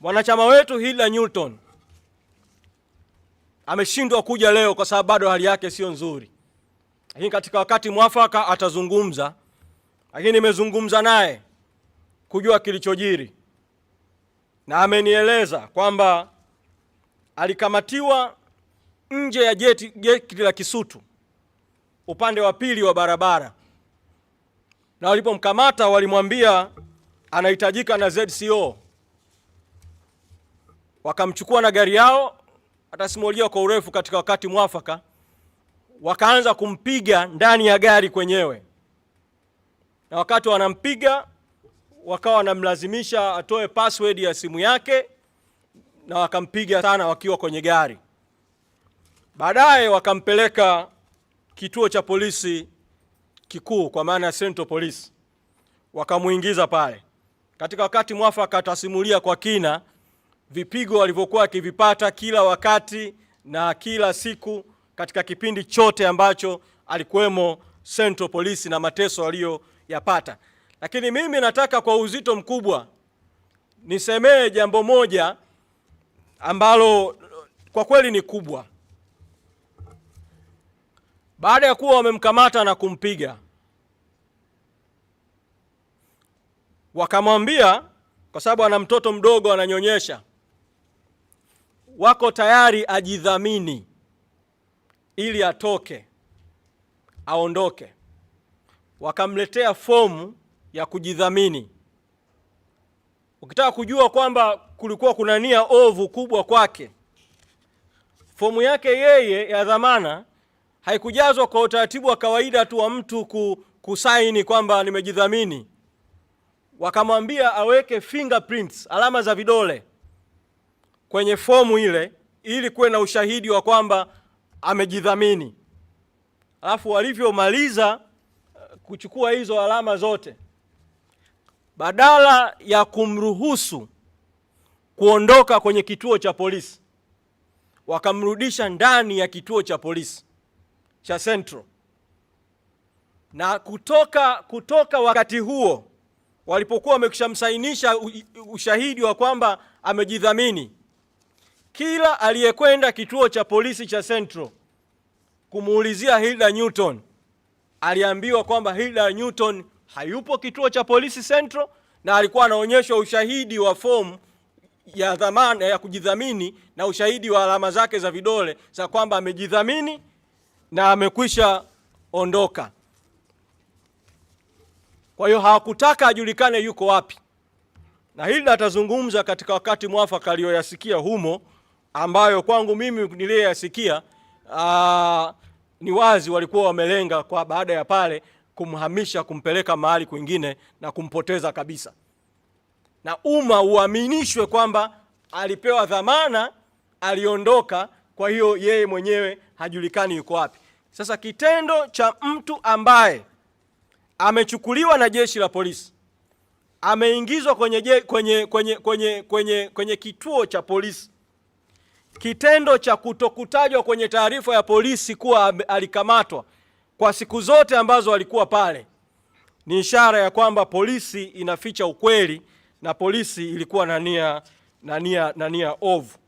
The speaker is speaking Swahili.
Mwanachama wetu Hilda Newton ameshindwa kuja leo kwa sababu bado hali yake sio nzuri, lakini katika wakati mwafaka atazungumza. Lakini nimezungumza naye kujua kilichojiri na amenieleza kwamba alikamatiwa nje ya jeti, jeti la Kisutu upande wa pili wa barabara, na walipomkamata walimwambia anahitajika na ZCO wakamchukua na gari yao, atasimulia kwa urefu, katika wakati mwafaka wakaanza kumpiga ndani ya gari kwenyewe, na wakati wanampiga wakawa wanamlazimisha atoe password ya simu yake, na wakampiga sana wakiwa kwenye gari. Baadaye wakampeleka kituo cha polisi kikuu, kwa maana ya Central Police, wakamuingiza pale. Katika wakati mwafaka atasimulia kwa kina vipigo walivyokuwa akivipata kila wakati na kila siku katika kipindi chote ambacho alikuwemo Central Polisi na mateso aliyoyapata. Lakini mimi nataka kwa uzito mkubwa nisemee jambo moja ambalo kwa kweli ni kubwa. Baada ya kuwa wamemkamata na kumpiga, wakamwambia, kwa sababu ana mtoto mdogo ananyonyesha wako tayari ajidhamini ili atoke aondoke, wakamletea fomu ya kujidhamini. Ukitaka kujua kwamba kulikuwa kuna nia ovu kubwa kwake, fomu yake yeye ya dhamana haikujazwa kwa utaratibu wa kawaida tu wa mtu kusaini kwamba nimejidhamini. Wakamwambia aweke fingerprints, alama za vidole kwenye fomu ile ili kuwe na ushahidi wa kwamba amejidhamini. Alafu walivyomaliza eh, kuchukua hizo alama zote, badala ya kumruhusu kuondoka kwenye kituo cha polisi, wakamrudisha ndani ya kituo cha polisi cha Central, na kutoka kutoka wakati huo walipokuwa wamekushamsainisha ushahidi wa kwamba amejidhamini kila aliyekwenda kituo cha polisi cha Central kumuulizia Hilda Newton aliambiwa kwamba Hilda Newton hayupo kituo cha polisi Central, na alikuwa anaonyeshwa ushahidi wa fomu ya dhamana ya kujidhamini na ushahidi wa alama zake za vidole za kwamba amejidhamini na amekwisha ondoka. Kwa hiyo hawakutaka ajulikane yuko wapi, na Hilda atazungumza katika wakati mwafaka aliyoyasikia humo ambayo kwangu mimi niliyasikia ah, ni wazi walikuwa wamelenga kwa baada ya pale kumhamisha kumpeleka mahali kwingine na kumpoteza kabisa, na umma uaminishwe kwamba alipewa dhamana, aliondoka, kwa hiyo yeye mwenyewe hajulikani yuko wapi. Sasa kitendo cha mtu ambaye amechukuliwa na jeshi la polisi ameingizwa kwenye, kwenye, kwenye, kwenye, kwenye, kwenye kituo cha polisi kitendo cha kutokutajwa kwenye taarifa ya polisi kuwa alikamatwa kwa siku zote ambazo alikuwa pale ni ishara ya kwamba polisi inaficha ukweli na polisi ilikuwa na nia na nia na nia ovu.